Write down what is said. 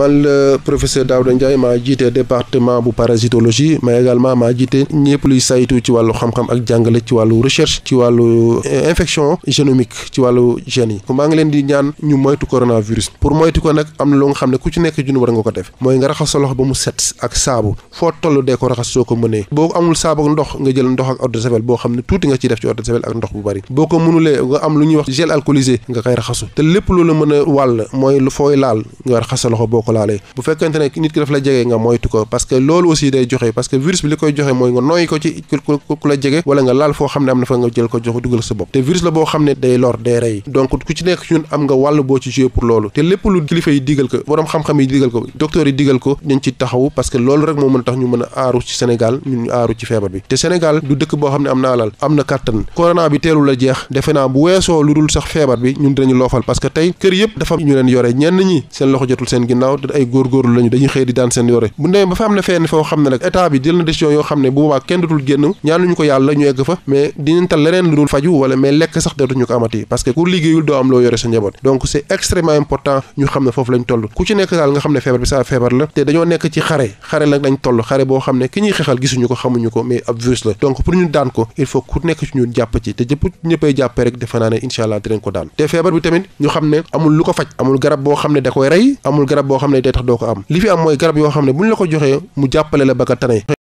man la professeur Daouda Ndiaye maa jiite département bu parasitologie mais également maa jiite ñëpp luy saytu ci wàllu xam-xam ak jàngale ci wàllu recherche ci wàllu euh, infection génomique ci wàllu gènes yi maa ngi leen di ñaan ñu moytu coronavirus pour moytu ko nag am na loo nga xam ne ku ci nekk jun war nga ko def mooy nga raxas sa loxo ba mu set ak saabu foo toll dee ko raxas soo ko mënee boo amul saabu ak ndox nga jël ndox ak eau boo xam ne tuuti nga ciy def ci eau ak ndox bu bari boo ko mënulee nga am lu ñuy wax gel alcoolisé nga koy raxasu te lépp loolu mën a wàll mooy lu fooy laal nga raxas sa ko laalee bu fekkente ne nit ki daf la jege nga moytu ko parce que loolu aussi day joxe parce que virus bi li koy joxe mooy nga noyyi ko ci ku la jege wala nga laal foo xam ne am na fa nga jël ko jox dugal sa bopp te virus la boo xam ne day lor day rey donc ku ci nekk ñun am nga wàll boo ci jouer pour loolu te lépp lu kilifa yi digal ko borom xam-xam yi digal ko docteur yi digal ko dañ ci taxawu parce que loolu rek moo mën a tax ñu mën a aaru ci Sénégal ñun ñu aaru bi te Sénégal du dëkk boo xam ne am na alal am na kàttan corona bi teelul la jeex defe naa bu feebar bi ñun dinañu loofal parce que tey kër yëpp dafa ñu leen yore ñenn ñi seen loxo jotul seen ginnaaw ginnaaw donc c'est extrêmement important ñu xam ne foofu lañ toll ku ci nekk daal nga xam ne feebar bi sa feebar la te dañoo nekk ci xare xare nag lañ toll xare boo xam ne ki ñuy xeexal gisuñu ko xamuñu ko mais ab virus la donc pour ñu daan ko il faut ku nekk ci ñun jàpp ci te jëpp ñëppay jàppee rek defe naa ne incha ko daan te feebar bi tamit ñu xam ne amul lu ko faj amul garab boo xam ne da koy rey amul garab boo xam xam ne day li fi am mooy garab yoo xam ne bu ñu la ko joxee mu jàppale la ba nga tane